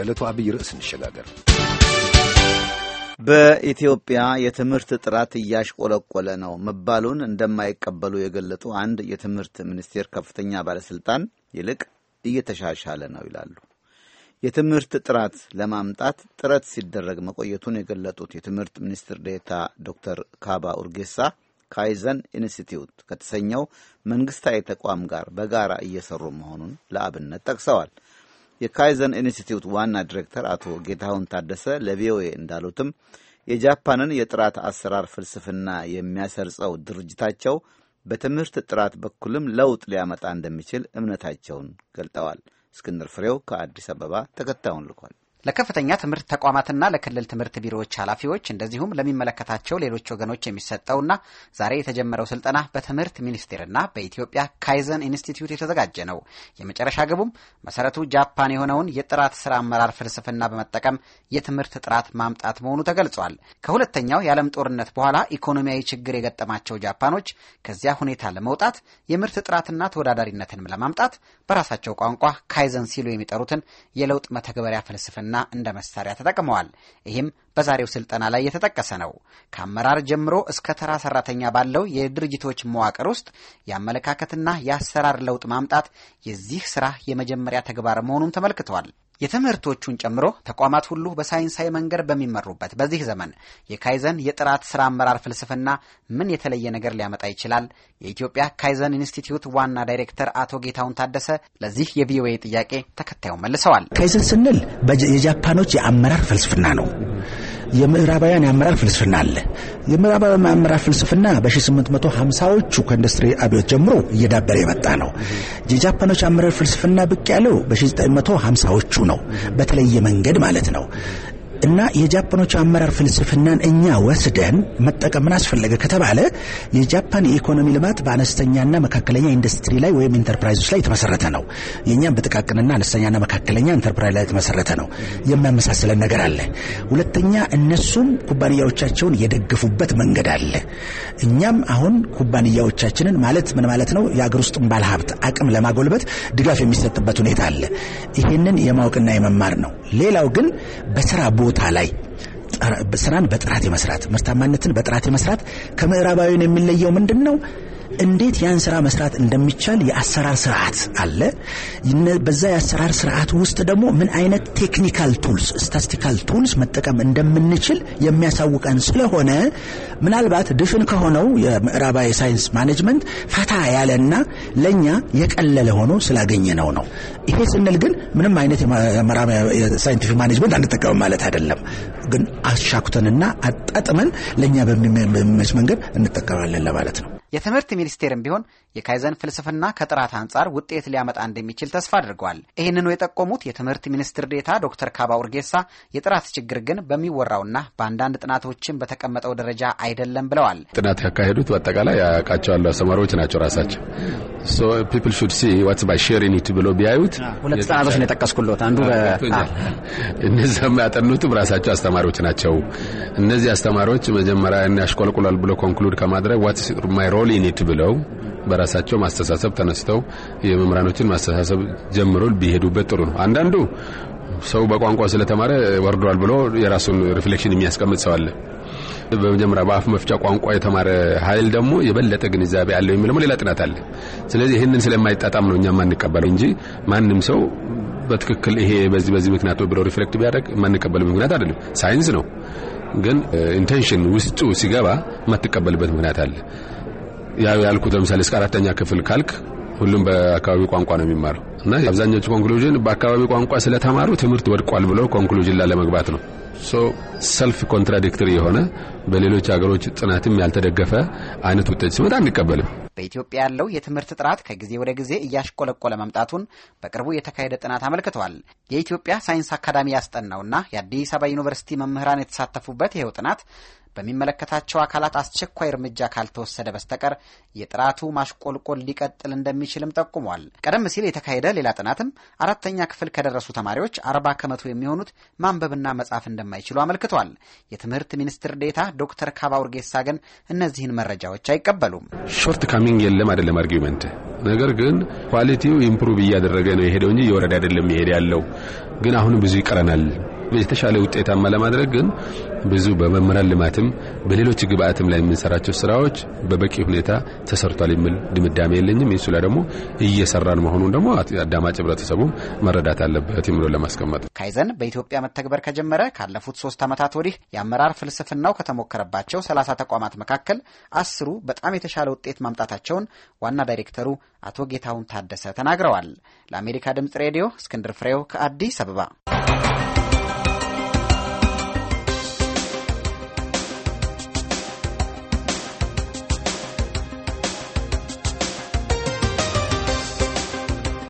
ወደ ዕለቱ አብይ ርዕስ እንሸጋገር። በኢትዮጵያ የትምህርት ጥራት እያሽቆለቆለ ነው መባሉን እንደማይቀበሉ የገለጡ አንድ የትምህርት ሚኒስቴር ከፍተኛ ባለስልጣን ይልቅ እየተሻሻለ ነው ይላሉ። የትምህርት ጥራት ለማምጣት ጥረት ሲደረግ መቆየቱን የገለጡት የትምህርት ሚኒስትር ዴታ ዶክተር ካባ ኡርጌሳ ካይዘን ኢንስቲትዩት ከተሰኘው መንግስታዊ ተቋም ጋር በጋራ እየሰሩ መሆኑን ለአብነት ጠቅሰዋል። የካይዘን ኢንስቲትዩት ዋና ዲሬክተር አቶ ጌታሁን ታደሰ ለቪኦኤ እንዳሉትም የጃፓንን የጥራት አሰራር ፍልስፍና የሚያሰርጸው ድርጅታቸው በትምህርት ጥራት በኩልም ለውጥ ሊያመጣ እንደሚችል እምነታቸውን ገልጠዋል። እስክንድር ፍሬው ከአዲስ አበባ ተከታዩን ልኳል። ለከፍተኛ ትምህርት ተቋማትና ለክልል ትምህርት ቢሮዎች ኃላፊዎች እንደዚሁም ለሚመለከታቸው ሌሎች ወገኖች የሚሰጠውና ዛሬ የተጀመረው ስልጠና በትምህርት ሚኒስቴርና በኢትዮጵያ ካይዘን ኢንስቲትዩት የተዘጋጀ ነው። የመጨረሻ ግቡም መሰረቱ ጃፓን የሆነውን የጥራት ስራ አመራር ፍልስፍና በመጠቀም የትምህርት ጥራት ማምጣት መሆኑ ተገልጿል። ከሁለተኛው የዓለም ጦርነት በኋላ ኢኮኖሚያዊ ችግር የገጠማቸው ጃፓኖች ከዚያ ሁኔታ ለመውጣት የምርት ጥራትና ተወዳዳሪነትን ለማምጣት በራሳቸው ቋንቋ ካይዘን ሲሉ የሚጠሩትን የለውጥ መተግበሪያ ፍልስፍና መሳሪያና እንደ መሳሪያ ተጠቅመዋል። ይህም በዛሬው ስልጠና ላይ የተጠቀሰ ነው። ከአመራር ጀምሮ እስከ ተራ ሰራተኛ ባለው የድርጅቶች መዋቅር ውስጥ የአመለካከትና የአሰራር ለውጥ ማምጣት የዚህ ስራ የመጀመሪያ ተግባር መሆኑን ተመልክተዋል። የትምህርቶቹን ጨምሮ ተቋማት ሁሉ በሳይንሳዊ መንገድ በሚመሩበት በዚህ ዘመን የካይዘን የጥራት ስራ አመራር ፍልስፍና ምን የተለየ ነገር ሊያመጣ ይችላል? የኢትዮጵያ ካይዘን ኢንስቲትዩት ዋና ዳይሬክተር አቶ ጌታውን ታደሰ ለዚህ የቪኦኤ ጥያቄ ተከታዩን መልሰዋል። ካይዘን ስንል የጃፓኖች የአመራር ፍልስፍና ነው። የምዕራባውያን የአመራር ፍልስፍና አለ። የምዕራባውያን የአመራር ፍልስፍና በ1850ዎቹ ከኢንዱስትሪ አብዮት ጀምሮ እየዳበረ የመጣ ነው። የጃፓኖች አመራር ፍልስፍና ብቅ ያለው በ1950ዎቹ ነው፣ በተለየ መንገድ ማለት ነው። እና የጃፓኖቹ አመራር ፍልስፍናን እኛ ወስደን መጠቀም ምን አስፈለገ ከተባለ የጃፓን የኢኮኖሚ ልማት በአነስተኛና መካከለኛ ኢንዱስትሪ ላይ ወይም ኢንተርፕራይዞች ላይ የተመሰረተ ነው። የእኛም በጥቃቅንና አነስተኛና መካከለኛ ኢንተርፕራይዝ ላይ የተመሰረተ ነው። የሚያመሳስለን ነገር አለ። ሁለተኛ እነሱም ኩባንያዎቻቸውን የደገፉበት መንገድ አለ። እኛም አሁን ኩባንያዎቻችንን ማለት ምን ማለት ነው? የአገር ውስጥ ባለ ሀብት አቅም ለማጎልበት ድጋፍ የሚሰጥበት ሁኔታ አለ። ይህንን የማወቅና የመማር ነው። ሌላው ግን በስራ ቦ ቦታ ላይ ስራን በጥራት የመስራት ምርታማነትን በጥራት የመስራት ከምዕራባዊን የሚለየው ምንድን ነው? እንዴት ያን ስራ መስራት እንደሚቻል የአሰራር ስርዓት አለ። በዛ የአሰራር ስርዓት ውስጥ ደግሞ ምን አይነት ቴክኒካል ቱልስ፣ ስታስቲካል ቱልስ መጠቀም እንደምንችል የሚያሳውቀን ስለሆነ ምናልባት ድፍን ከሆነው የምዕራባዊ ሳይንስ ማኔጅመንት ፈታ ያለና ለእኛ የቀለለ ሆኖ ስላገኘ ነው ነው። ይሄ ስንል ግን ምንም አይነት ሳይንቲፊክ ማኔጅመንት አንጠቀምም ማለት አይደለም። ግን አሻኩተንና አጣጥመን ለእኛ በሚመች መንገድ እንጠቀማለን ለማለት ነው። የትምህርት ሚኒስቴርም ቢሆን የካይዘን ፍልስፍና ከጥራት አንጻር ውጤት ሊያመጣ እንደሚችል ተስፋ አድርገዋል። ይህንኑ የጠቆሙት የትምህርት ሚኒስትር ዴታ ዶክተር ካባ ኡርጌሳ የጥራት ችግር ግን በሚወራውና በአንዳንድ ጥናቶችን በተቀመጠው ደረጃ አይደለም ብለዋል። ጥናት ያካሄዱት በአጠቃላይ ያውቃቸዋለሁ አስተማሪዎች ናቸው ራሳቸው ፒፕል ሹድ ሲ ዋትስ ባይ ብሎ ቢያዩት ሁለት ጥናቶች ነው የጠቀስኩሎት አንዱ እነዚያም ያጠኑትም ራሳቸው አስተማሪዎች ናቸው። እነዚህ አስተማሪዎች መጀመሪያ ያሽቆልቁላል ብሎ ኮንክሉድ ከማድረግ ዋትስ ማይ ኦል ኢኒት ብለው በራሳቸው ማስተሳሰብ ተነስተው የመምህራኖችን ማስተሳሰብ ጀምሮ ቢሄዱበት ጥሩ ነው። አንዳንዱ ሰው በቋንቋ ስለተማረ ወርዷል ብሎ የራሱን ሪፍሌክሽን የሚያስቀምጥ ሰው አለ። በመጀመሪያ በአፍ መፍቻ ቋንቋ የተማረ ኃይል ደግሞ የበለጠ ግንዛቤ አለው የሚል ሌላ ጥናት አለ። ስለዚህ ይህንን ስለማይጣጣም ነው እኛ ማንቀበለው እንጂ ማንም ሰው በትክክል ይሄ በዚህ በዚህ ምክንያት ነው ብሎ ሪፍሌክት ቢያደርግ ማንቀበል ምክንያት አይደለም። ሳይንስ ነው ግን ኢንቴንሽን ውስጡ ሲገባ ማትቀበልበት ምክንያት አለ። ያው ያልኩት ለምሳሌ እስከ አራተኛ ክፍል ካልክ ሁሉም በአካባቢ ቋንቋ ነው የሚማረው እና አብዛኞቹ ኮንክሉዥን በአካባቢ ቋንቋ ስለተማሩ ትምህርት ወድቋል ብለው ኮንክሉዥን ላይ ለመግባት ነው። ሶ ሰልፍ ኮንትራዲክተሪ የሆነ በሌሎች ሀገሮች ጥናትም ያልተደገፈ አይነት ውጤት ሲመጣ አንቀበልም። በኢትዮጵያ ያለው የትምህርት ጥራት ከጊዜ ወደ ጊዜ እያሽቆለቆለ መምጣቱን በቅርቡ የተካሄደ ጥናት አመልክተዋል። የኢትዮጵያ ሳይንስ አካዳሚ ያስጠናውና የአዲስ አበባ ዩኒቨርሲቲ መምህራን የተሳተፉበት ይኸው ጥናት በሚመለከታቸው አካላት አስቸኳይ እርምጃ ካልተወሰደ በስተቀር የጥራቱ ማሽቆልቆል ሊቀጥል እንደሚችልም ጠቁሟል። ቀደም ሲል የተካሄደ ሌላ ጥናትም አራተኛ ክፍል ከደረሱ ተማሪዎች አርባ ከመቶ የሚሆኑት ማንበብና መጻፍ እንደማይችሉ አመልክቷል። የትምህርት ሚኒስትር ዴታ ዶክተር ካባ ኡርጌሳ ግን እነዚህን መረጃዎች አይቀበሉም። ሾርት ካሚንግ የለም አይደለም አርጊመንት ነገር ግን ኳሊቲው ኢምፕሩቭ እያደረገ ነው የሄደው እንጂ የወረዳ አይደለም የሄደ ያለው ግን አሁንም ብዙ ይቀረናል የተሻለ ውጤታማ ለማድረግ ግን ብዙ በመምህራን ልማትም በሌሎች ግብአትም ላይ የምንሰራቸው ስራዎች በበቂ ሁኔታ ተሰርቷል የሚል ድምዳሜ የለኝም። ይሱ ላይ ደግሞ እየሰራን መሆኑን ደግሞ አዳማጭ ህብረተሰቡ መረዳት አለበት የሚለ ለማስቀመጥ ካይዘን በኢትዮጵያ መተግበር ከጀመረ ካለፉት ሶስት ዓመታት ወዲህ የአመራር ፍልስፍናው ከተሞከረባቸው ሰላሳ ተቋማት መካከል አስሩ በጣም የተሻለ ውጤት ማምጣታቸውን ዋና ዳይሬክተሩ አቶ ጌታሁን ታደሰ ተናግረዋል። ለአሜሪካ ድምፅ ሬዲዮ እስክንድር ፍሬው ከአዲስ አበባ